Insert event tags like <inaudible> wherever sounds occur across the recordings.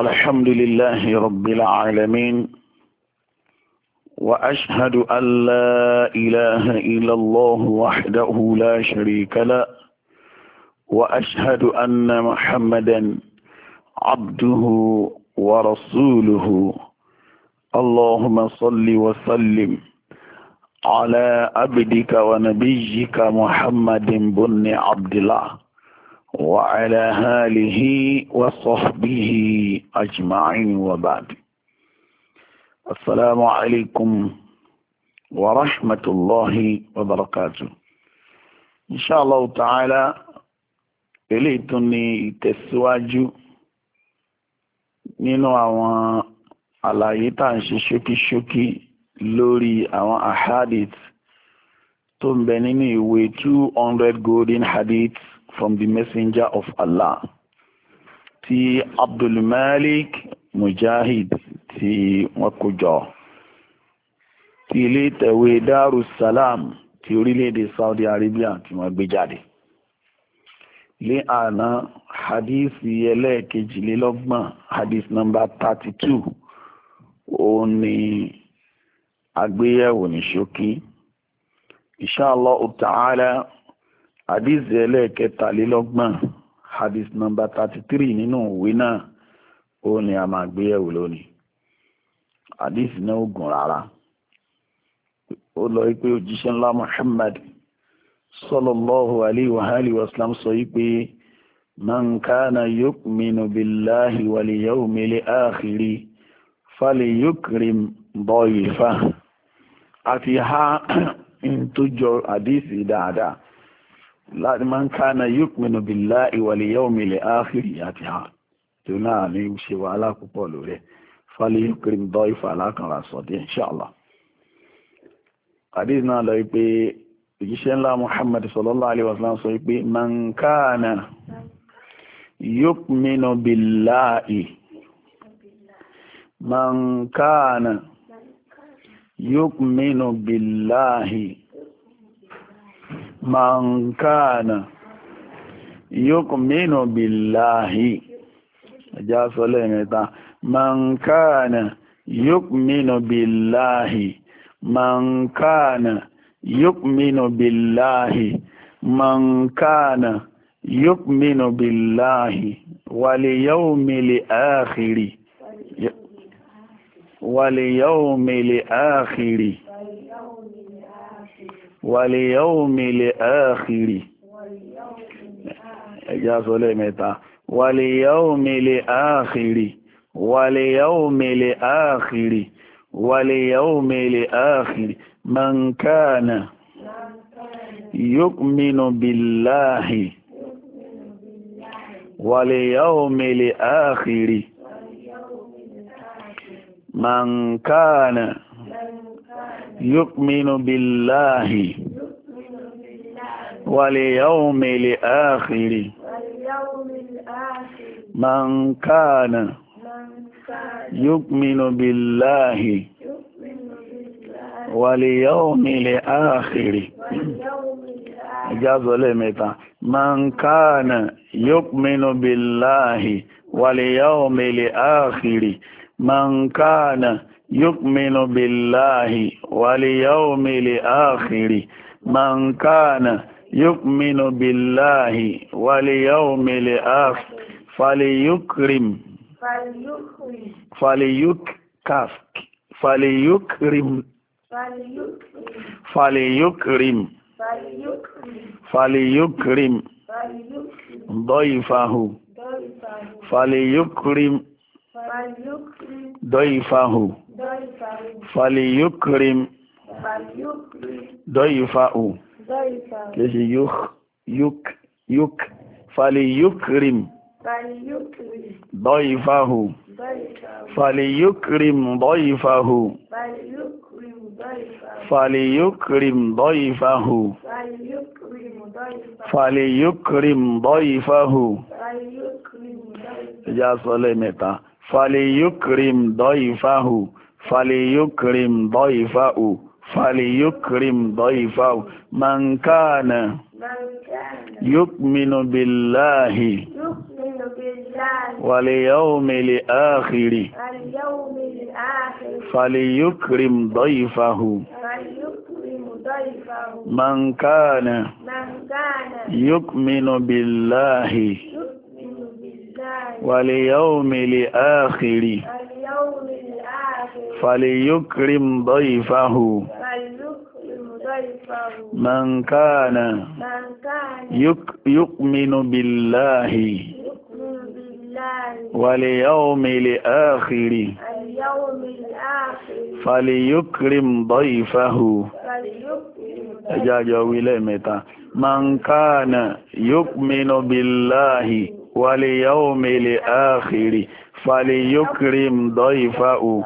الحمد لله رب العالمين وأشهد أن لا إله إلا الله وحده لا شريك له وأشهد أن محمدا عبده ورسوله اللهم صل وسلم على عبدك ونبيك محمد بن عبد الله وعلى آله وصحبه أجمعين وبعد السلام عليكم ورحمة الله وبركاته إن شاء الله تعالى إليتني تسواجو nínú àwọn àlàyé tá ń ṣe ṣókíṣókí lórí àwọn ahadith tó ń bẹ nínú ìwé 200 golden hadiths from the messenger of Allah ti Abdulmalik Mujahid tí wọ́n kó jọ ti ilé ìtẹ̀wé Darussalam ti orílẹ̀-èdè Saudi Arabia tí wọ́n gbé jáde lé àná hadisi ẹlẹ́ẹ̀kejìlélọ́gbọ̀n hadith number thirty two òun ni àgbéyẹ̀wò ní ṣókí inshallah ta'ala hadith ẹlẹ́ẹ̀kẹtàlélọ́gbọ̀n hadith number thirty three nínú ìwé náà ó ní a máa gbé ẹ̀wò lónìí hadith náà ó gùn rárá ó lọ pé òjíṣẹ́ ńlá Muhammad sallallahu alayhi wa alihi wa sallam sọ pé man kana yu'minu billahi wal yawmil akhir falyukrim dayfahu àti ha ń tó jọ hadith dáadáa man kana yukminu billahi wal yawmil akhir àti hàn tó náà ní ṣe wàhálà púpọ̀ lórí fali yukrim daifa alákànrà sọ̀dí inṣàlá hadith náà lọ pé òjíṣẹ́ ńlá muhammad sallallahu alaihi wasallam sọ pé man kana yukminu billahi man kana yukminu billahi man kana yu'minu billahi ẹjá sọ lẹ́ẹ̀mẹ́ta man kana yu'minu billahi man kana yu'minu billahi man kana yu'minu billahi wal yawmil akhiri wal yawmil akhiri wàlèyàwòmí lè áàkìrì ẹjá sọ lẹ́mẹ́ta wàlèyàwòmí lè áàkìrì wàlèyàwòmí lè áàkìrì wàlèyàwòmí lè áàkìrì mankana yukminu billahi wàlèyàwòmí lè áàkìrì mankana. يؤمن بالله واليوم الآخر من كان يؤمن بالله واليوم الآخر جازو لمتا من كان يؤمن بالله واليوم الآخر من كان يؤمن بالله واليوم الآخر من كان يؤمن بالله واليوم الآخر فليكرم فليكرم فليكرم فليكرم فليكرم ضيفه فليكرم ضيفه faliyukrim dọ́yìfáù kìí ṣe yuk yuk faliyukrim dọ́yìfáù faliyukrim dọ́yìfáù faliyukrim dọ́yìfáù faliyukrim dọ́yìfáù ẹjá sọ lẹ́mẹ̀ta faliyukrim dọ́yìfáù. فليكرم ضيفه فليكرم ضيفه من كان يؤمن بالله واليوم الآخر فليكرم ضيفه من كان يؤمن بالله واليوم الآخر فليكرم ضيفه من كان يؤمن بالله واليوم الآخر فليكرم ضيفه من كان يؤمن بالله واليوم الآخر فليكرم ضيفه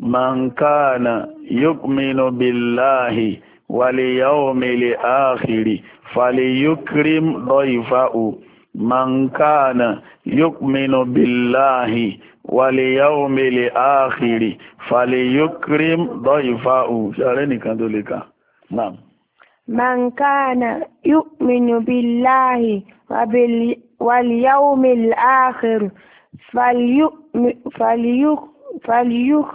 من كان يؤمن بالله واليوم الآخر فليكرم ضيفه من كان يؤمن بالله واليوم الآخر فليكرم ضيفه شارين كان ذلك نعم من كان يؤمن بالله واليوم الآخر فليكرم فليك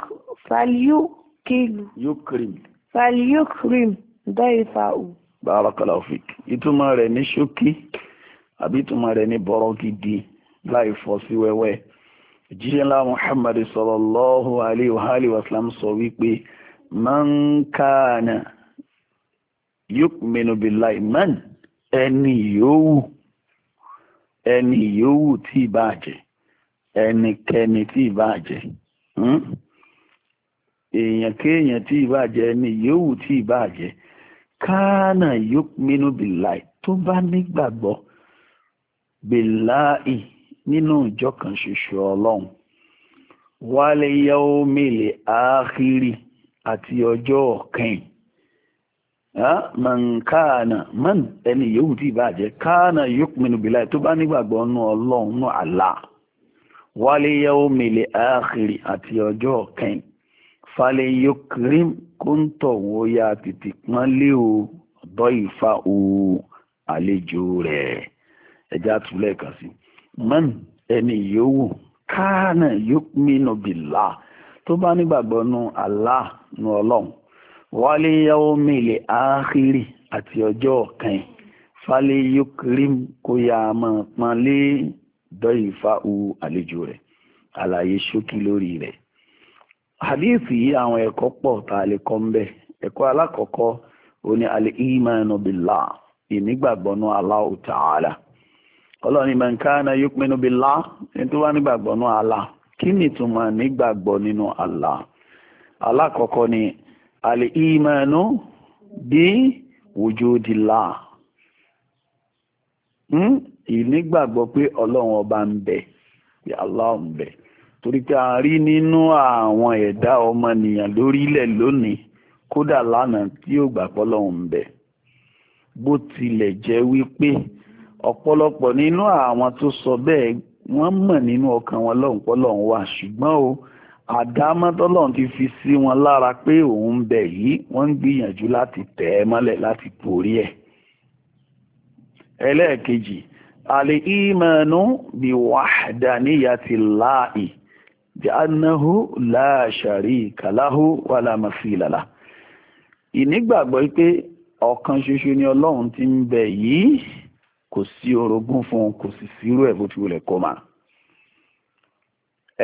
falyukilu yukrim falyukrim daifahu. barakallahu fik ìtumọ̀ rẹ̀ ní ṣókí àbí ìtumọ̀ rẹ̀ ní bọ̀rọ̀ gidi láì fọ́ sí wẹ́wẹ́ jíṣẹ́ ńlá muhammad sallallahu alayhi wa alihi wa sallam sọ wípé man kana yukminu billahi man ẹni yòówù ẹni yòówù tí ì bá jẹ ẹnikẹ́ni tí ì bá jẹ. Hmm? èèyàn kéèyàn tí ìbá jẹ ẹni yòówù tí ìbá jẹ kánà yu'minu billahi tó bá nígbàgbọ́ billahi nínú ìjọ kan ṣoṣo ọlọ́run wal yawmil akhiri àti ọjọ́ ọ̀kẹ́yìn man kánà man ẹni yòówù tí ìbá jẹ kánà yu'minu billahi tó bá nígbàgbọ́ nínú ọlọ́run nínú Allah wal yawmil akhiri àti ọjọ́ ọ̀kẹ́yìn falẹ̀ yókèrèm kó ń tọ̀ wọ́ ya tètè pọ́n lé o ọ̀dọ́ ìfa o àlejò rẹ̀ ẹja túlẹ̀ kan sí mọ́n ẹni yòówù káànà yókùnmínú bìlà tó bá nígbàgbọ́ nu Allah nu ọlọ́run wálé yàwó mìlẹ̀ áhírí àti ọjọ́ kan falẹ̀ yókèrèm kó ya máa pọ́n lé dọ́yìí fa o àlejò rẹ̀ àlàyé ṣókí lórí rẹ̀ hadithi yìí àwọn ẹ̀kọ́ pọ̀ tá lè kọ́ ń bẹ̀ ẹ̀kọ́ alákọ̀ọ́kọ́ ó ní ala imanu billah ìnígbàgbọ́ nú Allahu ta'ala ọlọ́ni man kana yu'minu billah ẹni tó bá nígbàgbọ́ nú kí ni ìtumọ̀ nígbàgbọ́ nínú alákọ̀ọ́kọ́ ni al-imanu bí wujudillah hmm? ìnígbàgbọ́ pé ọlọ́run ọba ń bẹ pé torí pé a rí nínú àwọn ẹ̀dá ọmọnìyàn lórílẹ̀ lónìí kódà lánàá tí yóò gbà pọ́lọ́hún ń bẹ bó tilẹ̀ jẹ́ wípé ọ̀pọ̀lọpọ̀ nínú àwọn tó sọ bẹ́ẹ̀ wọ́n mọ̀ nínú ọkàn wọn lọ́hùn pọ́lọ́hún wà ṣùgbọ́n o àdámọ́ tọ́lọ́hún ti fi sí wọn lára pé òun ń yìí wọ́n ń gbìyànjú láti tẹ̀ ẹ́ mọ́lẹ̀ láti borí ẹ̀ ẹlẹ́ẹ̀kejì àlè ìmọ̀ọ́nù bí wàhádà níyàtì láàyè ja'annahu la sharika lahu wala masila lah ìnígbàgbọ́ pé ọ̀kan ṣoṣo ni ọlọ́run ti ń bẹ yìí kò sí orogún fún un kò sì sírú ẹ̀ bó ti wulẹ̀ kó máa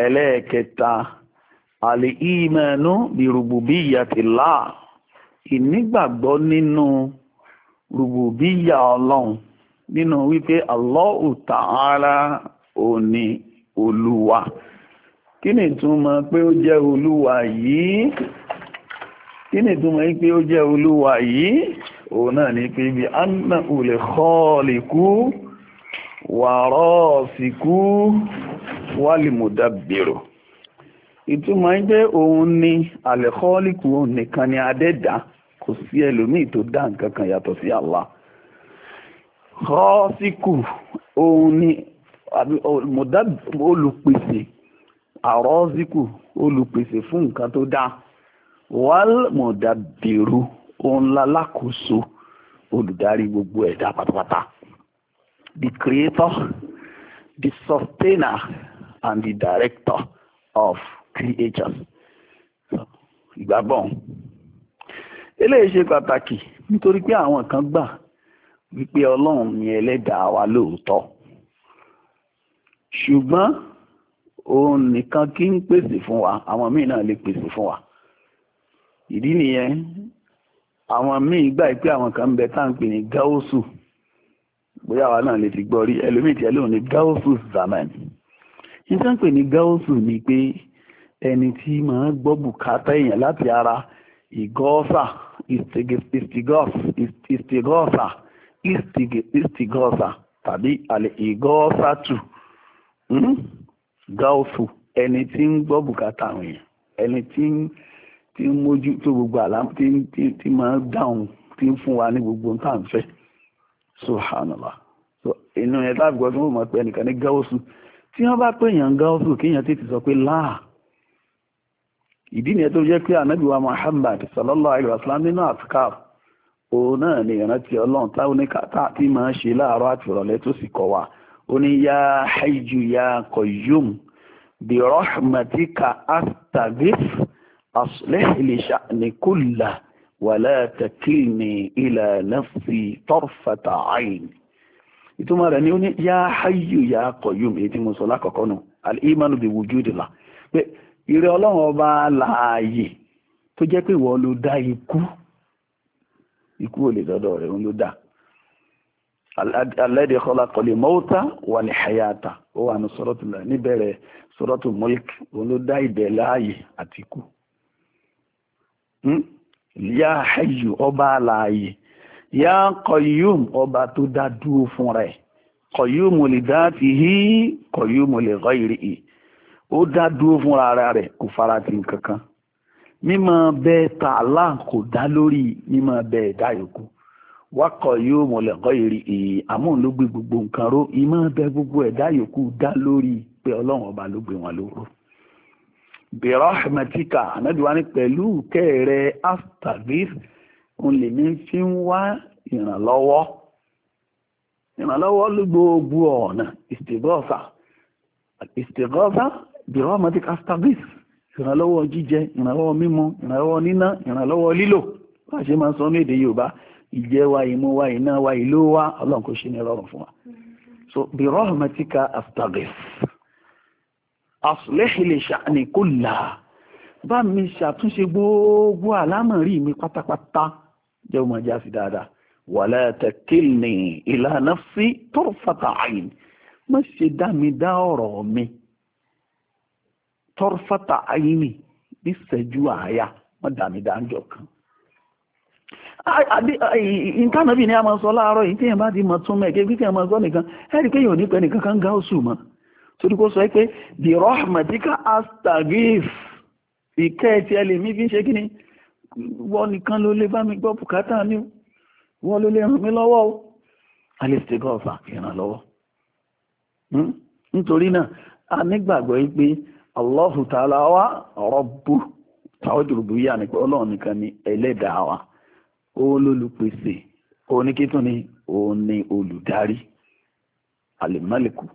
ẹlẹ́ẹ̀kẹta àlìímẹ́nu bí rùbùbíyàtìlá ìnígbàgbọ́ nínú rùbùbíyà ọlọ́run nínú wípé Ta'ala òní olúwa kí ni ìtumọ̀ pé ó jẹ́ olúwa yìí kí ni ìtumọ̀ yìí pé ó jẹ́ olúwa yìí òun náà ni pé ibi anna ulẹ̀ kọ́ọ̀lẹ̀kú wàrọ́ọ̀sìkú wálìmùdàbìrò ìtumọ̀ yìí pé òun ni alẹ́kọ́ọ̀lẹ̀kú nìkan ni adẹ́dà kò sí ẹlòmíì tó dá nǹkan kan yàtọ̀ sí Allah kọ́ọ̀sìkú òun ni olùpèsè àrọ́síkù olùpèsè fún nǹkan tó dáa wal mudabbiru òun lalákòóso olùdarí gbogbo ẹ̀dá pátápátá the creator the sustainer and the director of creatures ìgbàgbọ́ eléyìí ṣe pàtàkì nítorí pé àwọn kan gbà wípé ọlọ́run ni ẹlẹ́dàá wa lóòótọ́ ṣùgbọ́n òun nìkan kí ń pèsè fún wa àwọn míì náà lè pèsè fún wa ìdí nìyẹn àwọn míì gbà pé àwọn kan ń bẹ tá à ń pè ní gáúsù bóyá àwa náà lè ti gbọ́ rí ẹlòmíì tí ẹ lóun ní gáúsù zaman níta ń pè ní gáúsù ni pé ẹni tí máa gbọ́ bùkátà èèyàn láti ara ìgọ́ọ̀sà ìstigọ́ọ̀sà ìstigọ́ọ̀sà tàbí àlè ìgọ́ọ̀sà tù gáúsù ẹni tí ń gbọ́ bùkátà àwọn èèyàn ẹni tí ń tí ń mójú tó gbogbo àlá tí ń tí tí máa ń dáhùn tí ń fún wa ní gbogbo ń fẹ́ subhanallah so inú yẹn láti gbọ́ tí wọ́n mọ̀ pé ẹnìkan ní gáúsù tí wọ́n bá pè yàn gáúsù kéèyàn tètè sọ pé láà ìdí nìyẹn tó jẹ́ pé ànábì wa Muhammad sallallahu alayhi wa sallam nínú àfikàr òun náà ni ìrántí ọlọ́run táwọn oníkàtà tí máa ń ṣe láàárọ̀ àtìrọ̀lẹ́ tó sì kọ̀ wá ó ní ya hayyu ya qayyum bi rahmatika astaghith aslih li sha'ni kullah wàlá takilni ila nafsi tarfata ayn ìtumọ̀ rẹ̀ ni ó ní ya hayyu ya qayyum èyí tí mo sọ lákọ̀ọ́kọ́ nù al-imanu bi wujudillah pé ìrẹ́ ọlọ́run ọba láàyè tó jẹ́ pé ìwọ ló dá ikú ikú ò lè dọ́dọ̀ rẹ̀ òun ló dá alẹ́dẹ̀ kọ́lákọ́lẹ̀ mọ́ta wà ní hayata ó wà ní sọ́rọ́tù níbẹ̀rẹ̀ sọ́rọ́tù mọ́lík òun ló dá ìdẹ̀ láàyè àti kú hmm? yá hayyu ọba aláàyè yá qayyum ọba tó dá dúró fún rẹ̀ qayyum li dhatihi qayyum li ghayrihi ó dá dúró fún ara rẹ̀ kò fara ti kankan mímọ̀ bẹ́ẹ̀ ta kò dá lórí mímọ̀ bẹ́ẹ̀ dá yòókù wákọ̀ yóò mọ̀lẹ́kọ́ ìrì èyí àmọ́ ló gbé gbogbo nǹkan ró ìmọ̀ bẹ gbogbo ẹ̀dá yòókù dá lórí pé ọlọ́run ọba ló gbé wọn lóró. bẹ̀rọ ahmedika anáduwa ni pẹ̀lú kẹ́rẹ́ astagir ń lè ní fi ń wá ìrànlọ́wọ́ ìrànlọ́wọ́ ló gbogbo ọ̀nà ìsìtìgọ́sà ìsìtìgọ́sà bẹ̀rọ ahmedika astagir ìrànlọ́wọ́ jíjẹ ìrànlọ́wọ́ mímu ìrànlọ́wọ́ níná ìrànlọ́wọ́ lílò bá a ṣe máa sọ ní èdè yorùbá ìjẹ́ wa ìmú wa ìná wa ìlú wa ọlọ́run kò ṣe ní rọrùn fún wa so bí rahmatika astaghith aslih li sha'ni kullah bá mi ṣàtúnṣe gbogbo àlámọ̀rí mi pátápátá jẹ́ o máa sí dáadáa wala takilni ila nafsi turfata ayn má ṣe dá mi dá ọ̀rọ̀ mi turfata ayn ní ìṣẹ́jú àáyá má dá mi dá ń jọ kan ìtànàbì ni a máa sọ láàárọ̀ yìí tí èèyàn bá ti mọ̀ tún mẹ́ẹ̀kẹ́ kíkẹ́ máa sọ nìkan ẹ̀rí pé yóò nípẹ́ nìkan kan gáúsù mọ́ sọ pé the rahmatika astagif ìkẹ́ fi ń ṣe kí ni wọ́n nìkan ló lè bá mi gbọ́ bùkátà ni wọ́n ló lè ràn mí lọ́wọ́ o alistagofa ìrànlọ́wọ́ òun lolùpèsè òun ní kí tún ni òun ni olùdarí alimaliku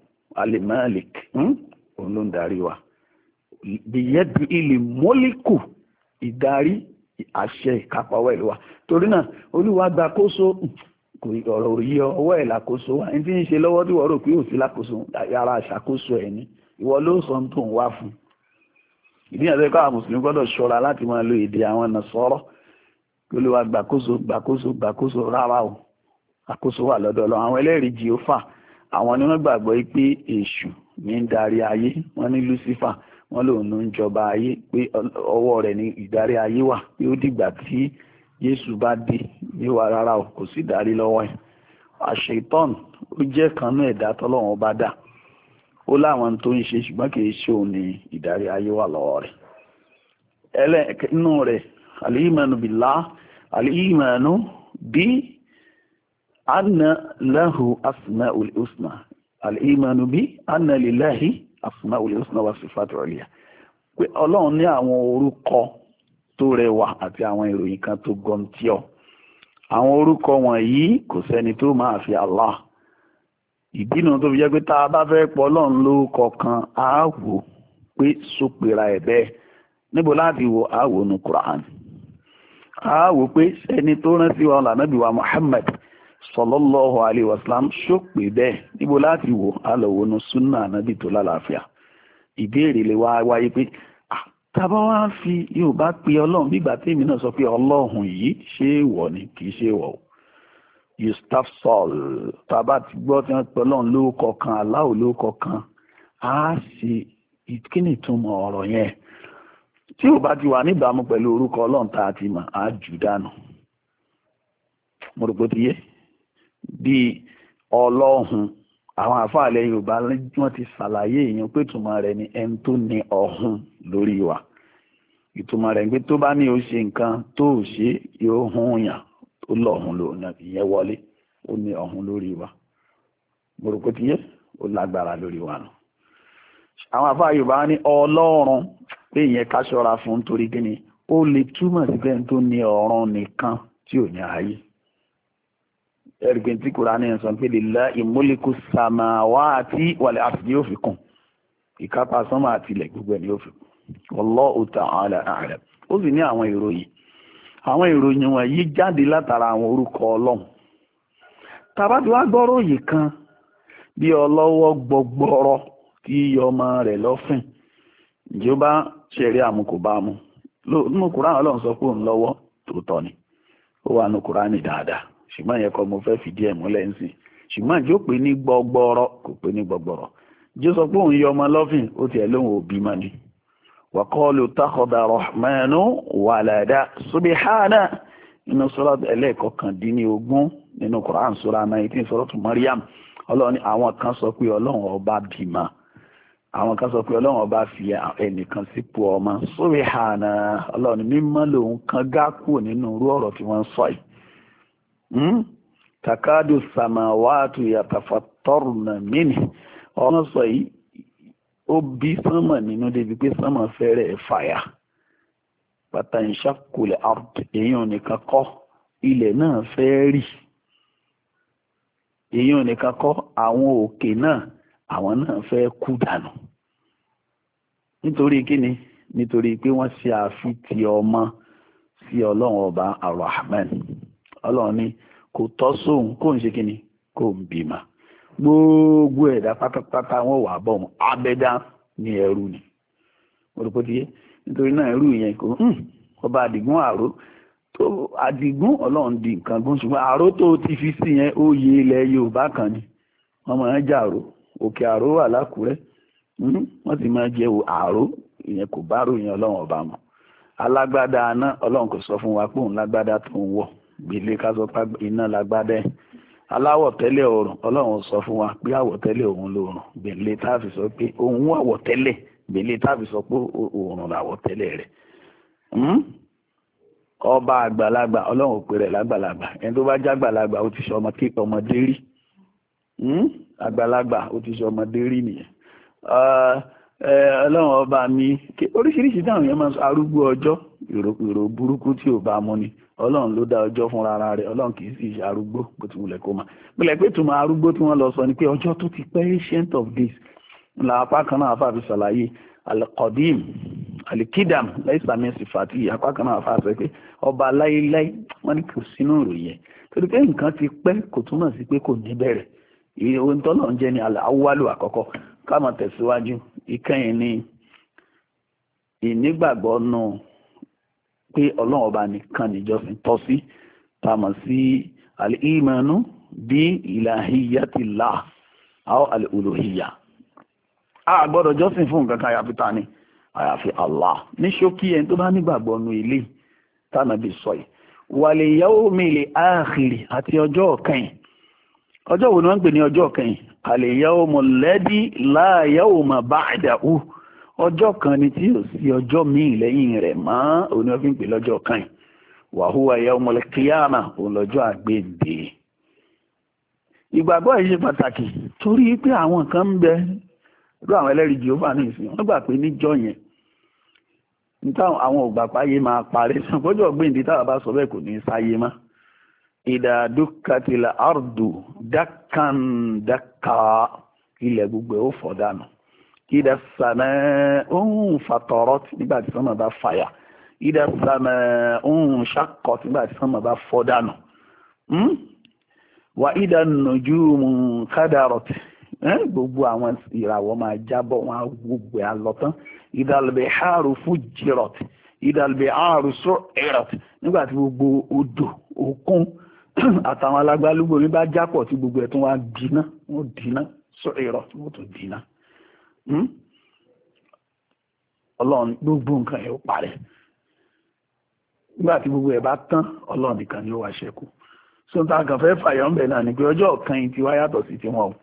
alimalik òun ló ń darí wa bìyẹ́dì ilé mọ́líkù ìdarí àṣẹ ìkápá ọwọ́ ìlú wa torí náà olúwa gba kóso ọ̀rọ̀ òye ọwọ́ ẹ̀ làkóso wa ẹni tí ń ṣe lọ́wọ́ tí wọ́n rò pé òsì làkóso ara àṣàkóso ẹ̀ ni ìwọ ló sọ tó ń wá fún ìdí ìyàtọ̀ ìkọ́ àwọn mùsùlùmí gbọ́dọ̀ ṣọ́ra láti máa lo èdè àwọn nàṣọ́rọ́ kí olúwa gbàkóso gbàkóso gbàkóso rárá o àkóso wà lọ́dọ̀ Ọlọ́run àwọn ẹlẹ́rìí Jèhófà àwọn ni wọ́n gbàgbọ́ pé èṣù ní ń darí ayé wọ́n ní Lucifer wọ́n lòun ló ń jọba ayé pé ọwọ́ rẹ̀ ní ìdarí ayé wà pé ó dìgbà tí Jésù bá dé níwà rárá o kò sí ìdarí lọ́wọ́ ẹ̀ àṣetán ó jẹ́ kan náà ẹ̀dá bá dà ó láwọn tó ń ṣe ṣùgbọ́n kì í ṣe òun ní ìdarí ayé wà lọ́wọ́ rẹ̀ ẹlẹ́ẹ̀kẹ́ inú rẹ̀ alimanu billah الإيمان bí anna lahu asmaul husna alìmánú bí anna lillahi asmaul husna wa sifatu uliya pé ọlọ́run ní àwọn orúkọ tó rẹwà àti àwọn ìròyìn kan tó gọmtíọ́ àwọn orúkọ wọ̀nyí kò sẹ́ni tó máa fi Allah ìdínà tó fi jẹ́ pé tá a bá fẹ́ pọ̀ ọlọ́run lórúkọ kan á wò pé sópera ẹ̀ bẹ́ẹ̀ níbo láti wo á wò a wò pé ẹni tó rán sí wa lànàbí wa Muhammad sallallahu alayhi wa sallam ṣòpè bẹ́ẹ̀ níbo láti wò á lọ wọnú súnà ànábì tó lálàáfíà ìbéèrè lè wá wáyé pé tàbá wá ń fi Yorùbá pe Ọlọ́run bígbà tèmi náà sọ pé Ọlọ́run yìí ṣé èèwọ̀ ni kì í ṣe èèwọ̀ o Yustaf Sol tàbá ti gbọ́ tí wọ́n pe Ọlọ́run lórúkọ kan aláwọ̀ lórúkọ kan á ṣe kí ìtumọ̀ ọ̀rọ̀ yẹn tí ò bá ti wà níbàámu pẹ̀lú orúkọ ọlọ́run tá a ti mọ̀ á jù dànù mo rò pé ti yé bíi ọlọ́hun àwọn àfáàlẹ́ yorùbá wọ́n ti ṣàlàyé èèyàn pé ìtumọ̀ rẹ̀ ni ẹni tó ní ọ̀hún lórí wa ìtumọ̀ rẹ̀ pé tó bá ní o ṣe nǹkan tó o ṣe yóò hún yàn ó lọ́hún lòyàn ìyẹn wọlé ó ní ọ̀hún lórí wa mo rò pé ti yé ó lágbára lórí wa nù àwọn àfa yorùbá ní ọlọ́run pé ìyẹn ká ṣọ́ra fún torí kíni ó lè túmọ̀ sí pé tó ní ọ̀run nìkan tí ò ní ayé ẹ̀rìgbìn tí kùránì ń sọ pé lèlá ìmúlikù sàmàwá àti wàlẹ̀ àti yóò fi kùn ìkápá sánmà àti ilẹ̀ gbogbo ẹ̀ ni yóò fi kùn wallahu ta'ala a'lam ó sì ní àwọn ìròyìn àwọn ìròyìn wọ̀nyí jáde látara àwọn orúkọ ọlọ́run tàbá wàá gbọ́rọ̀ òyìn kan bí ọlọ́wọ́ gbọgbọrọ kí ọmọ rẹ̀ lọ́fìn ǹjẹ́ ó bá ṣẹ̀rí àmú kò bá mu nínú kúrán ọlọ́run sọ pé òun lọ́wọ́ tòótọ́ ni ó wà nínú kúránì dáadáa ṣùgbọ́n ìyẹn kọ́ mo fẹ́ fìdí ẹ̀ múlẹ̀ ń sìn ṣùgbọ́n ǹjẹ́ ó pè ní gbọgbọrọ kò pè ní gbọgbọrọ ǹjẹ́ sọ pé òun yọ ọmọ lọ́fìn ó tiẹ̀ lóun ò bímọ ni wàkọ́ọ̀lù takọ̀dà rọ̀mẹ́nu wàlàdà subihana nínú sọ́lá ẹlẹ́ẹ̀kọkàndínní ogún nínú kúrán sọ́lá 19 sọ́lá tó Maryam ọlọ́run àwọn kan sọ pé ọlọ́run ọba bímọ àwọn kan sọ pé ọlọ́run ọba fi ẹnìkan sípò ọmọ sórí hànà ọlọ́run mímọ́ lòun kan gá kúrò nínú irú ọ̀rọ̀ tí wọ́n sọ yìí hmm? takadu samawatu yatafattarna minhu ọmọ sọ yìí ó bí sánmọ̀ nínú débi pé sánmọ̀ fẹ́rẹ̀ fàyà bàtà ìṣàkùlẹ̀ ard èèyàn nìkan kọ́ ilẹ̀ náà fẹ́ rì èèyàn nìkan kọ́ àwọn òkè náà àwọn náà fẹ́ kú dànù nítorí kíni nítorí pé wọ́n ṣe àfitì ọmọ sí ọlọ́run ọba arahman ọlọ́run ni kò tọ́ sóun kò ń ṣe kíni kò ń bímọ gbogbo ẹ̀dá pátápátá wọn wà bọ̀ wọn abẹ́dá ní ẹrú ni mo rò pé tiye nítorí náà ẹrú yẹn kò hmm, ọba àdìgún àró tó àdìgún ọlọ́run di nǹkan gún ṣùgbọ́n àró tó ti fi sí yẹn ó yé ilẹ̀ yorùbá kan ni wọ́n máa jà àró òkè àró wà lákùrẹ́ Mhm. wọ́n ti máa jẹ́ àárò ìyẹn kò bá rò yẹn ọlọ́run ọba mọ̀ alágbádá aná ọlọ́run kò sọ fún wa pé òun lágbádá tó ń wọ̀ gbélé ká sọ pé iná lágbádá ẹ̀ aláwọ̀ tẹ́lẹ̀ ọ̀rùn ọlọ́run sọ fún wa pé àwọ̀ tẹ́lẹ̀ òun lòrùn gbélé tá a fi sọ pé òun àwọ̀ tẹ́lẹ̀ gbélé tá a fi sọ pé òun làwọ̀ tẹ́lẹ̀ rẹ̀ mhm. ọba àgbàlagbà ọlọ́run ò rẹ̀ lágbàlagbà ẹni tó bá jágbàlagbà ó ti ṣe ọmọdé rí àgbàlagbà ó ti ṣe mhm. ọmọdé rí nìyẹn Ah, eh, ọlọ́run ọba mi oríṣiríṣi táwọn èèyàn máa ń arúgbó ọjọ́ ìrò burúkú tí ò bá mu ni ọlọ́run ló dá ọjọ́ fúnra ara rẹ̀ ọlọ́run kì í sì ṣe arúgbó bó ti wulẹ̀ kó mà pẹ̀lẹ́ pé tùmọ̀ arúgbó tí wọ́n lọ sọ ni pé ọjọ́ tó ti pẹ́ ancient of days la apá kan náà àfa fi ṣàlàyé alqadim alikidam láìsàmì sifati apá kan náà àfa sọ pé ọba láéláé wọ́n ní kò sínú ìròyìn torí pé nǹkan ti pẹ́ kò túmọ̀ sí pé kò ní bẹ̀rẹ̀ ohun tọ́lọ́run jẹ́ ni káàmọ̀ tẹ̀síwájú ìkẹyìn ni ìnígbàgbọ́ nù pé ọlọ́run ọba nìkan nìjọsìn tọ́ sí tàmọ̀ sí al-imanu bí ilahiyatillah aw al-uluhiyya a gbọ́dọ̀ jọ́sìn fún nǹkan kan àyàfi ta ni àyàfi Allah ní ṣókí ẹni tó bá nígbàgbọ́ nù ilé tánàbí sọ yìí wal yawmil akhir àti ọjọ́ kẹyìn ọjọ́ wo ni wọ́n ń pè ní ọjọ́ kẹyìn al-yawmu alladhi la bá ọjọ́ kan ni tí ò sí ọjọ́ míì lẹ́yìn rẹ̀ mọ́ òun ni wọ́n fi ń pè lọ́jọ́ kẹyìn wa huwa òun lọ́jọ́ ìgbàgbọ́ yìí pàtàkì torí pé àwọn kan ń bẹ lọ àwọn ẹlẹ́rìí ní ìsìn wọ́n gbà pé níjọ́ yẹn ìdàdúkàtìlà àrùdù dákàndàkà ilẹ̀ gbogbo ó fọ́ dànù ìdà sàmẹ́ òun fàtọ̀rọ̀ nígbà tí sánmà bá fàyà ìdà sàmẹ́ òun ṣàkọ̀ nígbà tí sánmà bá fọ́ dànù wà ìdà nùjúmù kádàrọ̀tì gbogbo àwọn ìràwọ̀ máa jábọ̀ wọn á gbogbo àlọ́tán ìdà lùbẹ̀hàrù fújìrọ̀tì ìdà lùbẹ̀hàrù sọ̀rẹ̀rọ̀tì nígbà tí gbogbo odò òkun <clears throat> àtàwọn alágbálúgbò mi bá jápọ̀ tí gbogbo ẹ̀ tún wá dínà wọ́n dínà sọ ìrọ̀ tí wọ́n tún dínà hmm? ọlọ́run gbogbo nǹkan ẹ̀ ó parẹ́ nígbà tí gbogbo ẹ̀ bá tán ọlọ́run nìkan ni ó wá ṣẹ́kù sọ́ńtà kan fẹ́ fàyọ̀ ń bẹ̀ náà ni pé ọjọ́ kan yìí ti wá yàtọ̀ sí tiwọn o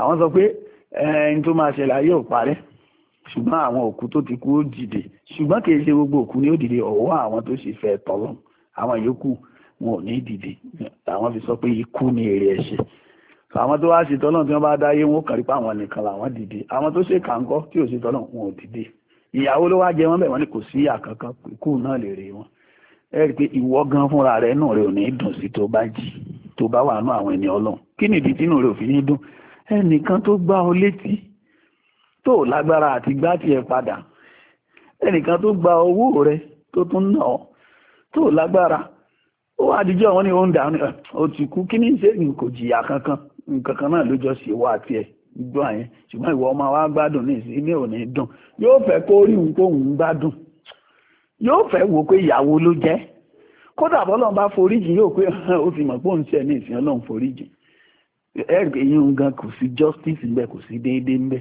àwọn sọ pé ẹni tó máa ṣẹlẹ̀ ayé ò parẹ́ ṣùgbọ́n àwọn òkú tó ti kú ó dìde ṣùgbọ́n kì í ṣe gbogbo òkú ni ó dìde ọ̀wọ́ àwọn tó ṣe fẹ́ tọ́lọ́ àwọn yòókù wọn ò ní dìde àwọn fi sọ pé ikú ni èrè ẹ̀ṣẹ̀ àwọn tó wá ṣe tọ́lọ́n tí wọ́n bá dáyé wọn kàn rí pé àwọn nìkan làwọn dìde àwọn tó ṣe kàńkọ́ tí ò ṣe tọ́lọ́n wọn ò dìde ìyàwó ló wá jẹ wọn bẹ̀ wọ́n ní kò sí àkankan ikú náà lè rè wọn ẹ rí i pé ìwọ gan fúnra rẹ inú rẹ ò ní dùn sí tó bá jì tó bá wà nú àwọn ènìyàn ọlọ́run kí nìdí tí inú rẹ ò fi ní dùn ẹnìkan tó gbá ọ létí tó lágbára àti gbá tiẹ̀ padà ẹnìkan tó gba owó rẹ tó tún ná tó lágbára ó wà díjọ́ wọn ni ó ń dà ọ ah, ti kú kí ní ṣe kò jìyà kankan nǹkan náà ló jọ sí ìwọ àti gbọ́ ìwọ ọmọ wa gbádùn ní ìsinmi ò ní dùn yóò fẹ́ kó rí òun kó òun gbádùn yóò fẹ́ wò pé ìyàwó ló jẹ́ kódà bá foríjì yóò pé ah, ó fi mọ̀ pé òun ṣe ní ìsìn ọlọ́run foríjì gan kò sí justice kò sí déédéé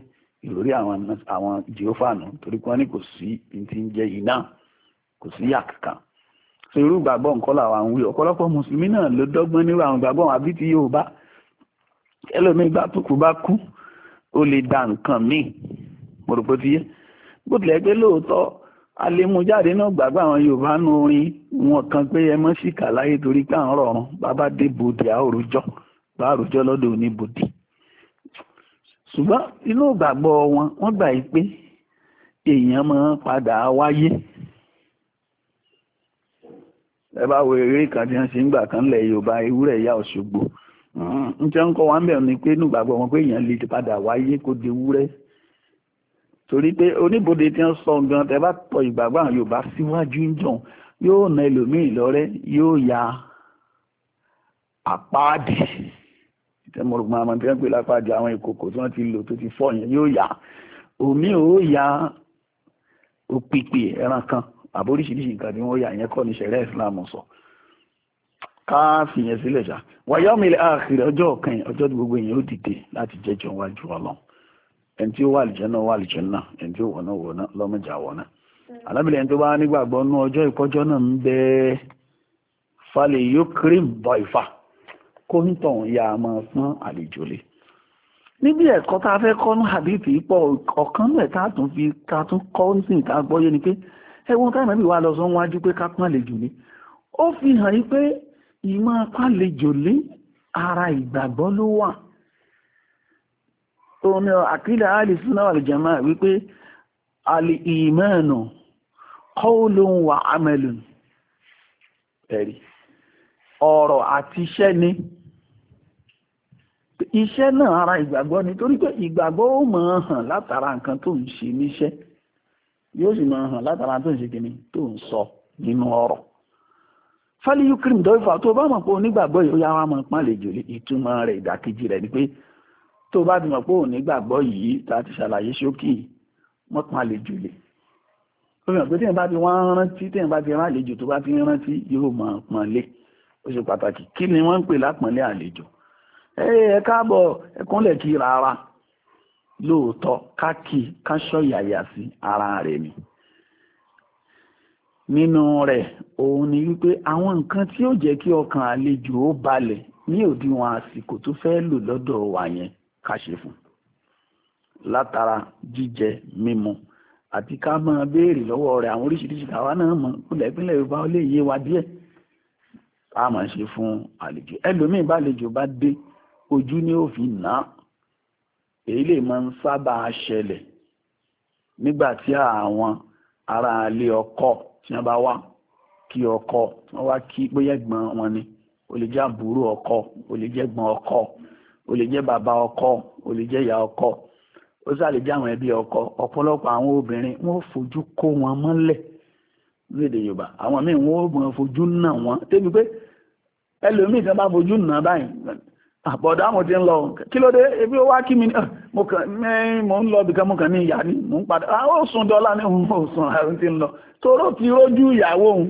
so irú ìgbàgbọ́ nǹkan làwọn àwọn wí ọ̀pọ̀lọpọ̀ mùsùlùmí náà ló dọ́gbọ́n nírú àwọn ìgbàgbọ́ àbí ti yóò bá ẹlòmíín gbà tó kú bá kú ó lè da nǹkan míì mo rò pé ti yé bó tilẹ̀ pé lóòótọ́ alẹ́mujáde náà gbàgbọ́ àwọn yorùbá nu orin wọn kan pé ẹ mọ́ sí kàláyé torí pé àwọn rọrùn bàbá dé bòdì àròjọ bá àròjọ lọ́dọ̀ oníbòdì ṣùgbọ́n inú ìgbàgbọ́ wọn wọ́n gbà yí pé èèyàn máa padà wáyé ẹ bá wo eré kan tí wọ́n ṣe ń gbà kan lẹ̀ Yorùbá ewúrẹ́ ìyá Òṣogbo ń tẹ́ ń kọ́ wa ń bẹ̀rù ni pé nígbàgbọ́ wọn pé èèyàn lè padà wáyé kó di ewúrẹ́ torí pé oníbodè tí wọ́n sọ gan tẹ́ bá tọ ìgbàgbọ́ àwọn Yorùbá síwájú ń jàn yóò na ẹlòmíì lọ́rẹ́ yóò ya àpáàdì ìtẹ́mọ̀rùgbọ́n àmọ́ tí wọ́n pè lápáàdì àwọn ìkòkò tí wọ́n ti lò tó ti fọ́ yẹn yóò ya omi ò ya òpìpì ẹran kan àbóríṣiríṣi nǹkan ni wọ́n yà yẹn kọ́ ní ṣẹ̀rẹ́ ìsìláàmù sọ káàfì yẹn sílẹ̀ ṣá wàyà òmìnira àkìrẹ ọjọ́ kan ọjọ́ tí gbogbo èèyàn ó dìde láti jẹ́jọ́ wájú ọlọ́run ẹni tí ó wà lìjẹ́ náà wà lìjẹ́ náà ẹni tí ó wọ̀ náà wọ̀ náà lọ́mọjà wọ̀ náà alábìlẹ̀ ẹni tó bá nígbàgbọ́ nú ọjọ́ ìkọjọ́ náà ń bẹ falẹ̀ yóò kírìm bọ̀ ìfà kó ya máa pọ́n àlejò níbi ẹ̀kọ́ tá a fẹ́ kọ́ ní àbí ìpọ̀ ọ̀kan náà tá tún fi tá tún kọ́ ní sìn gbọ́ yé ni pé ẹwọ́n táwọn ẹ̀mí wa lọ sọ wájú pé ká pọ́n àlejò ní ó fi hàn yí pé ìmọ̀ pálejò lé ara ìgbàgbọ́ ló wà omi àkílà alìsúná àlìjàmá wípé alìmọ̀nà qawlun wa amalun ẹ̀rí ọ̀rọ̀ àti iṣẹ́ ni iṣẹ́ náà ara ìgbàgbọ́ ni torí pé ìgbàgbọ́ ó mọ̀ hàn látara nǹkan tó ń ṣe níṣẹ́ yóò sì máa hàn látara tó ń ṣe kìíní tó ń sọ nínú ọ̀rọ̀ fálí ukrim dọ́fà tó bá mọ̀ pé onígbàgbọ́ yìí ó yá wa mọ̀ pọ́n lè jòlè ìtumọ̀ rẹ̀ ìdàkejì rẹ̀ ni pé tó bá ti mọ̀ pé onígbàgbọ́ yìí ta ti ṣàlàyé ṣókì mọ́ pọ́n lè jòlè ó fi hàn pé téèyàn bá ti wọ́n rántí téèyàn bá ti rán àlejò tó bá ti rántí yóò mọ̀ pọ́n lé ó ṣe pàtàkì kí ni wọ́n ń pè lápọ́nlé àlejò ẹ káàbọ̀ ẹ kúnlẹ̀ kí rárá lóòótọ́ káàkì káṣọ́ yàyà sí ara rẹ̀ mi nínú rẹ̀ òun ni wípé àwọn nǹkan tí ó jẹ́ kí ọkàn àlejò ó balẹ̀ ní òdiwọ̀n àsìkò tó fẹ́ lò lọ́dọ̀ wa yẹn ká fún látara jíjẹ mímu àti ká máa béèrè lọ́wọ́ rẹ̀ àwọn oríṣiríṣi náà mọ̀ kúlẹ̀ ìpínlẹ̀ Yorùbá wa díẹ̀ a máa fún àlejò bá àlejò bá dé ni ó fi èyí lè máa ń sábà ṣẹlẹ̀ nígbà tí àwọn ará ilé ọkọ tí wọ́n bá wá kí ọkọ wọ́n wá kí bóyá ẹ̀gbọ́n wọn ni ó lè jẹ́ àbúrò ọkọ ó lè jẹ́ ẹ̀gbọ́n ọkọ ó lè jẹ́ bàbá ọkọ ó lè jẹ́ ìyá ọkọ ó sá lè jẹ́ àwọn ẹbí ọkọ ọ̀pọ̀lọpọ̀ àwọn obìnrin wọ́n fojú kó wọn mọ́lẹ̀ lédè Yorùbá àwọn míì wọ́n fojú nà wọ́n débi pé ẹlòmíì kan bá fojú nà báyìí àbọ̀dá ah, àwọn tí ń lọ kí ló dé ebi ó wá kí mi ah, mo kàn mẹ́rin mo ń lọ bìkan mo kàn ní ìyá ni mo ń padà ah, ó sùn dọ́là ní òun ò sùn àwọn tí ń lọ toró ti rójú ìyàwó òun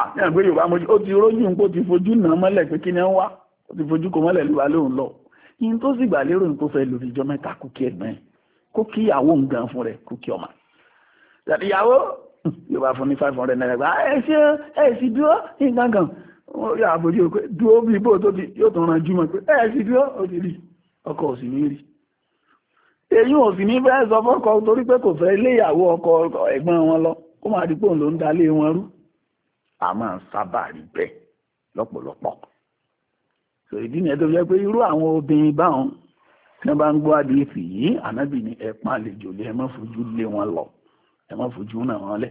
àtẹ̀gbé yorùbá mo ó ti rójú nǹkó ti fojú nà mọ́lẹ̀ pé kí ni ń wá ó ti fojú kò mọ́lẹ̀ lùwà lóun lọ yín tó sì gbà lérò ní fẹ́ lò ìjọ mẹ́ta kò kí ẹ̀gbọ́n kó kí ìyàwó òun gan fún rẹ̀ kó kí ọmọ ìyàwó yorùbá fún ní five hundred naira ẹ wọ́n rí àbójú pé dúró bí bó tó ti yóò tán ràn jùmọ̀ pé ẹ̀ sì dúró ó ti rí ọkọ ò sì ní rí èyí ò sì ní fẹ́ sọ fọ́kọ torí pé kò fẹ́ ilé ìyàwó ọkọ ẹ̀gbọ́n wọn lọ kó máa di pé ló ń dalé wọn rú a máa ń sábà rí bẹ́ẹ̀ lọ́pọ̀lọpọ̀ so ìdí nìyẹn tó fi jẹ́ pé irú àwọn obìnrin báwọn tí wọ́n bá ń gbọ́ àdéhìsì yìí ànábì ni ẹ pa àlejò lé ẹ má fojú lé wọn lọ ẹ má fojú náà wọn lẹ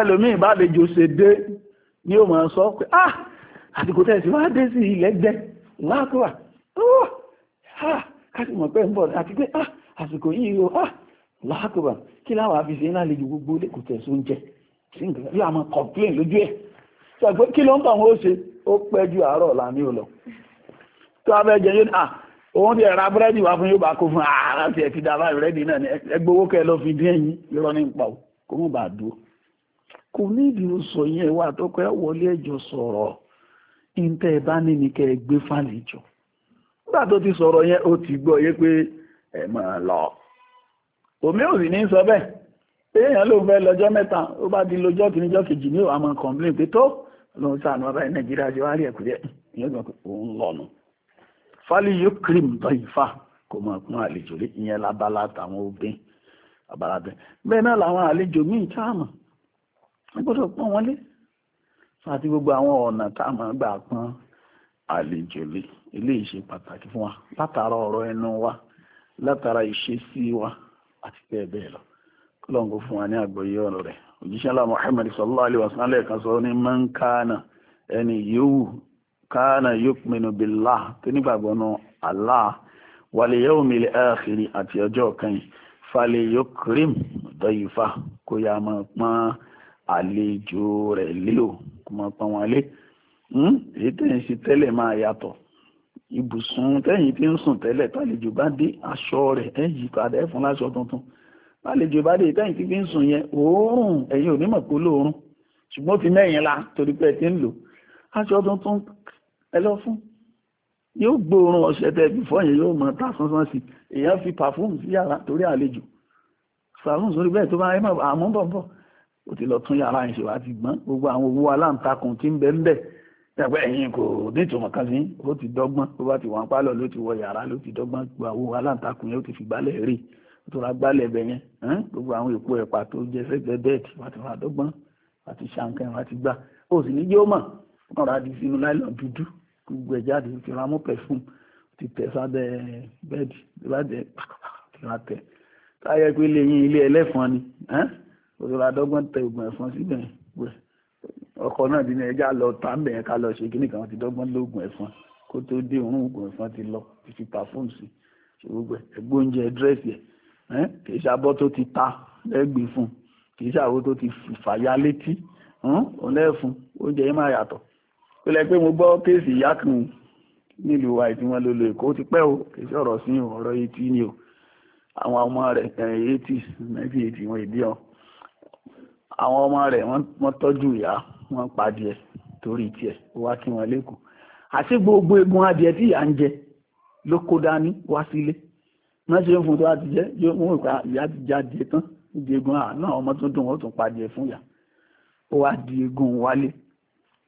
ẹlòmíì bá àlejò ṣe dé ni yóò máa sọ pé ah àsìkò tẹ́ẹ̀sì wá dé sí ilẹ̀ gbẹ́ láàkúwà oh, ha káàkiri mọ̀ pé ń bọ̀ àti pé ah, àsìkò yìí o ah, láàkúwà kí láwà fi ṣe ńlá lejò gbogbo lè kò oúnjẹ sí nǹkan yóò àmọ́ complain lójú ẹ̀ kí ló ń tàn ó ṣe ó pẹ́ ju àárọ̀ tó abẹ́ jẹ yóò ah, òun ti búrẹ́dì wá fún yóò bá kó fún ààrẹ ti búrẹ́dì náà kẹ lọ fi dín ẹyin ní pa kó dúró kò ní ìdí yẹn wà tó wọlé ẹjọ́ sọ̀rọ̀ inte ẹ bá ní gbé nígbà tó ti sọ̀rọ̀ yẹn ó ti gbọ́ yé pé lọ òmí ò sì ní sọ bẹ́ẹ̀ èèyàn ló fẹ́ lọ́jọ́ mẹ́ta ó bá di lọ́jọ́ kìíní jọ́ kejì ní àmọ́ complain pé tó lóun sànù ọba nàìjíríà ṣe wá ẹ̀kúrẹ́ ìyẹn gbọ́n pé òun lọ́nu tọ́ ìfà kò mọ̀ àlejò ìyẹn bẹ́ẹ̀ náà làwọn àlejò àti gbogbo àwọn ọ̀nà tá a máa gbà pọ́n àlejò lé eléyìí ṣe pàtàkì fún wa látara ọ̀rọ̀ ẹnu wa látara ìṣesí wa àti bẹ́ẹ̀ bẹ́ẹ̀ lọ kọlọ́ǹgó fún wa ní àgbọ́yé ọ̀rọ̀ rẹ̀ òjíṣẹ́ ńlá Muhammad sallallahu alaihi wasallam lẹ́ẹ̀kan sọ ní man kana ẹni yòówù kana yu'minu billah tó nígbàgbọ́ nù Allah wal yawmil akhir àti ọjọ́ kan falẹ̀ yukrim dayfa kó yá máa pọ́n àlejò rẹ̀ lé kò máa pọn wọn lé hmm? èyí tẹ̀yìn ṣe tẹ́lẹ̀ máa yàtọ̀ ibùsùn tẹ́yìn tí ń sùn tẹ́lẹ̀ tálejò bá dé aṣọ rẹ̀ ẹ̀ yí padà ẹ̀ fún láṣọ tuntun tálejò bá dé tẹ́yìn tí fi ń sùn yẹn òórùn ẹ̀yin ò ní mọ̀ pé olóòórùn ṣùgbọ́n ti mẹ́yìn la torí pé ẹ ti ń lò aṣọ tuntun ẹ lọ fún yóò gbóòórùn ọ̀sẹ̀ tẹ́ bìfọ́ yẹn yóò mọ tá sánsán sí èèyàn fi pàfúùmù sí yàrá torí àlejò sàlùn sórí bẹ́ẹ̀ tó bá ẹ mọ̀ àmúbọ̀bọ̀ kò ti lọ tún yàrá yẹn ṣe wá ti gbọ́n gbogbo àwọn owó aláǹtakùn tí ń bẹ ń bẹ dàgbà ẹ̀yìn kò nítumọ̀ kan sí ó ti dọ́gbọ́n ó bá ti wọ́n pálọ̀ ló ti wọ yàrá ló ti dọ́gbọ́n gbogbo àwọn aláǹtakùn yẹn ó ti fi gbálẹ̀ rí ó tó ra gbálẹ̀ bẹ̀ yẹn gbogbo àwọn èpo ẹ̀pà tó jẹ sẹ́gbẹ́ bẹ́ẹ̀dì wà ti ra dọ́gbọ́n wà ti ṣàǹkẹ́ wà ti gbà ó sì ní jẹ́ mọ̀ wọ́n òṣèlú adọ́gbọ́n tẹ ògùn ẹ̀fọn síbẹ̀ wẹ̀ ọkọ̀ náà dín ní ẹja lọ tà ń bẹ̀yẹn ká lọ ṣe kíní kan ti dọ́gbọ́n lóògùn ẹ̀fọn kó tó dé òórùn ògùn ẹ̀fọn ti lọ ti fi pàfóònù sí ṣòwògbẹ ẹgbó oúnjẹ dírẹ́sì ẹ̀ kì í ṣàbọ̀ tó ti ta lẹ́gbẹ̀ẹ́ fún kì í ṣàwó tó ti fàyà létí òun lẹ́fun oúnjẹ yìí máa yàtọ̀ pẹ̀lẹ́ pé mo gbọ́ kéèsì ìyá kan nílùú wa tí wọ́n ló lo èkó ti pẹ́ o kì í ṣe ọ̀rọ̀ sí ọ̀rọ̀ etí ni o àwọn ọmọ rẹ̀ eighty ninety eighty wọn ìdí ọ àwọn ọmọ rẹ̀ wọ́n tọ́jú ìyá wọ́n pa adìẹ torí tiẹ̀ ó wá kí wọn lẹ́kọ̀ọ́ àti gbogbo egun adìẹ tí ìyá ń jẹ ló kó dání wá sílé wọ́n ṣe ń fún tó láti jẹ́ yóò mú ìpa ìyá ti já adìẹ tán ìdí egun àná ọmọ tó dùn ó tún pa adìẹ fún ìyá ó wá di egun wálé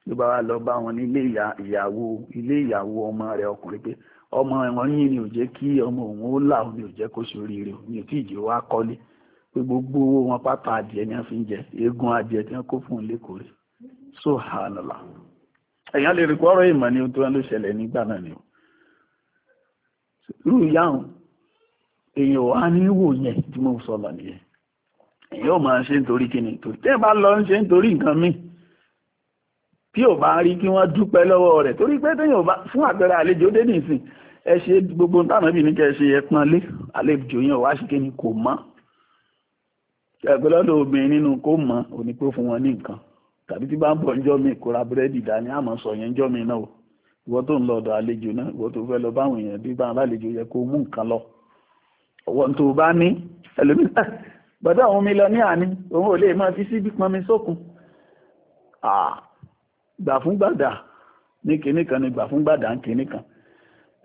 ló bá wá lọ bá wọn ní ilé ìyàwó ilé ìyàwó ọmọ rẹ̀ ọkùnrin pé ọmọ ẹ̀wọ̀n yìí ni ò jẹ́ kí ọmọ òun ó là òun ni ò jẹ́ kó ṣoríire òun ni ò tí jẹ́ wá kọ́lé pé gbogbo owó wọn pátá adìẹ ni wọ́n fi ń jẹ eegun adìẹ tí wọ́n kó fún un lẹ́kọ̀ọ́ rẹ̀ sóhánàlá èèyàn lè rí pọ́rọ̀ ìmọ̀ ní ohun tó ń lọ ṣẹlẹ̀ nígbà náà ni o rú ìyáhùn èèyàn ò á ní wò yẹn tí mo sọ lọ nìyẹn èèyàn ò máa ṣe nítorí kí ni nítorí tẹ́ ẹ bá lọ ń ṣe nítorí nǹkan míì tí ò bá rí kí wọ́n dúpẹ́ lọ́wọ́ rẹ̀ torí pé téèyàn bá fún àpẹẹrẹ àlejò dé nìsín ẹ ṣe gbogbo táwọn ẹbí ní kẹ́ ṣe ẹ pọ́nlé àlejò yẹn ò ṣe kí ni kò mọ́ ṣàgbé lọ́dọ̀ nínú kó mọ̀ òní pé fún wọn ní nǹkan tàbí tí bá ń bọ̀ ńjọ́ mi kó ra búrẹ́dì dání àmọ́ sọ yẹn ńjọ́ mi náà o ìwọ tó ń lọ ọ̀dọ̀ àlejò náà ìwọ tó fẹ́ lọ báwọn èèyàn bí bá àlejò yẹ kó mú nǹkan lọ ọwọ́ tó bá ní ẹlòmíì gbọ́dọ̀ àwọn omi lọ ní àní òun ò lè máa fi síbi pọnmi sókun gbà fún gbàdà ní kinní kan ní gbà fún gbàdà ní kinní kan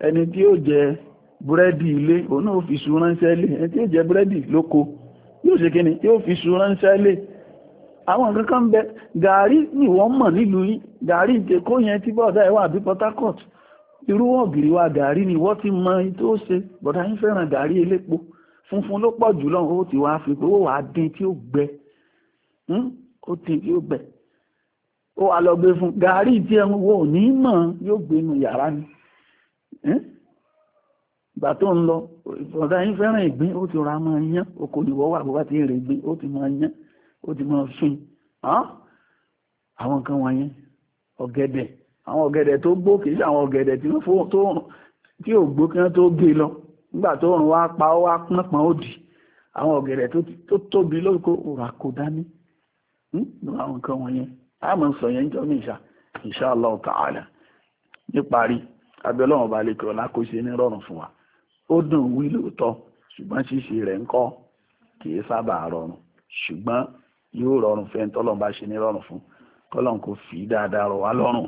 ẹni tí ó jẹ búrẹ́dì ilé òun náà fi sùn ránṣẹ́ lé ẹni tí ó jẹ búrẹ́dì lóko yóò ṣe kí ni yóò fi ṣu ránṣẹ́ lé àwọn nǹkan kan bẹ gàárì ni wọ́n mọ̀ nílùú yìí gàárì ìtẹ̀kọ́ yẹn tí bọ́ọ̀dá ẹ̀ wà bí Port Harcourt irú ọ̀gìrì wa gàárì ni wọ́n ti mọ ohun tó ṣe bọ̀dá yín fẹ́ràn gàárì elépo funfun ló pọ̀ jù lọ́hùn ó ti wá fi pé ó wà á dín tí ó gbẹ hmm? ó dín tí ó gbẹ ó wà lọ gbé fún gàárì tí ẹ̀ ń wo ò ní mọ̀ yóò gbénu yàrá ni hmm? ìgbà ń lọ ọ̀dà yín fẹ́ràn ìgbín ó ti rọra máa yán oko ìwọ́ wà bó bá ti rè gbín ó ti máa yán ó ti máa sùn àwọn nǹkan wọ̀nyẹn ọ̀gẹ̀dẹ̀ àwọn ọ̀gẹ̀dẹ̀ tó gbó kìí ṣe àwọn lọ nígbà tó rùn wá pa ó wá ó dì àwọn ọ̀gẹ̀dẹ̀ tó tóbi lóko òrà kò dání àwọn nǹkan a sọ yẹn jọ ìṣà ó dùn wí lóòótọ́ ṣùgbọ́n ṣíṣe rẹ̀ ń kọ́ kì í sábà rọrùn ṣùgbọ́n yóò rọrùn fẹ́ tọ́lọ́n bá ṣe ní rọrùn fún kọ́lọ́n kò fi dáadáa rọ̀ wá lọ́rùn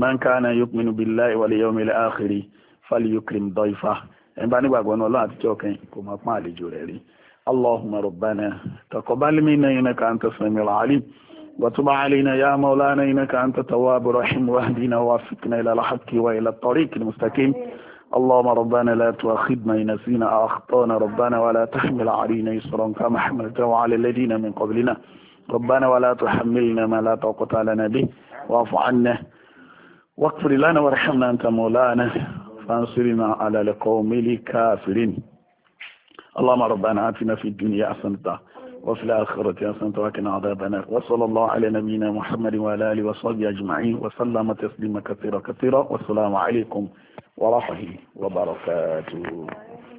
man kana yu'minu billahi wal yawmil akhiri falyukrim dayfa ẹ̀ ń bá nígbàgbọ́ náà lọ́wọ́ àtijọ́ kan kò mọ̀ pọ́n àlejò rẹ̀ rí اللهم ربنا تقبل منا إنك أنت السميع العليم وتب علينا يا مولانا إنك أنت تواب رحيم واهدنا ووفقنا إلى الحق وإلى الطريق المستقيم اللهم ربنا لا تؤاخذنا إن نسينا أو أخطأنا ربنا ولا تحمل علينا إصرا كما حملته على الذين من قبلنا ربنا ولا تحملنا ما لا طاقة لنا به واعف عنا واغفر لنا وارحمنا أنت مولانا فانصرنا على القوم الكافرين اللهم ربنا آتنا في الدنيا حسنة وفي الآخرة حسنة وقنا عذاب عذابنا وصلى الله على نبينا محمد وعلى آله وصحبه أجمعين وسلم تسليما كثيرا كثيرا والسلام عليكم ورحمة الله وبركاته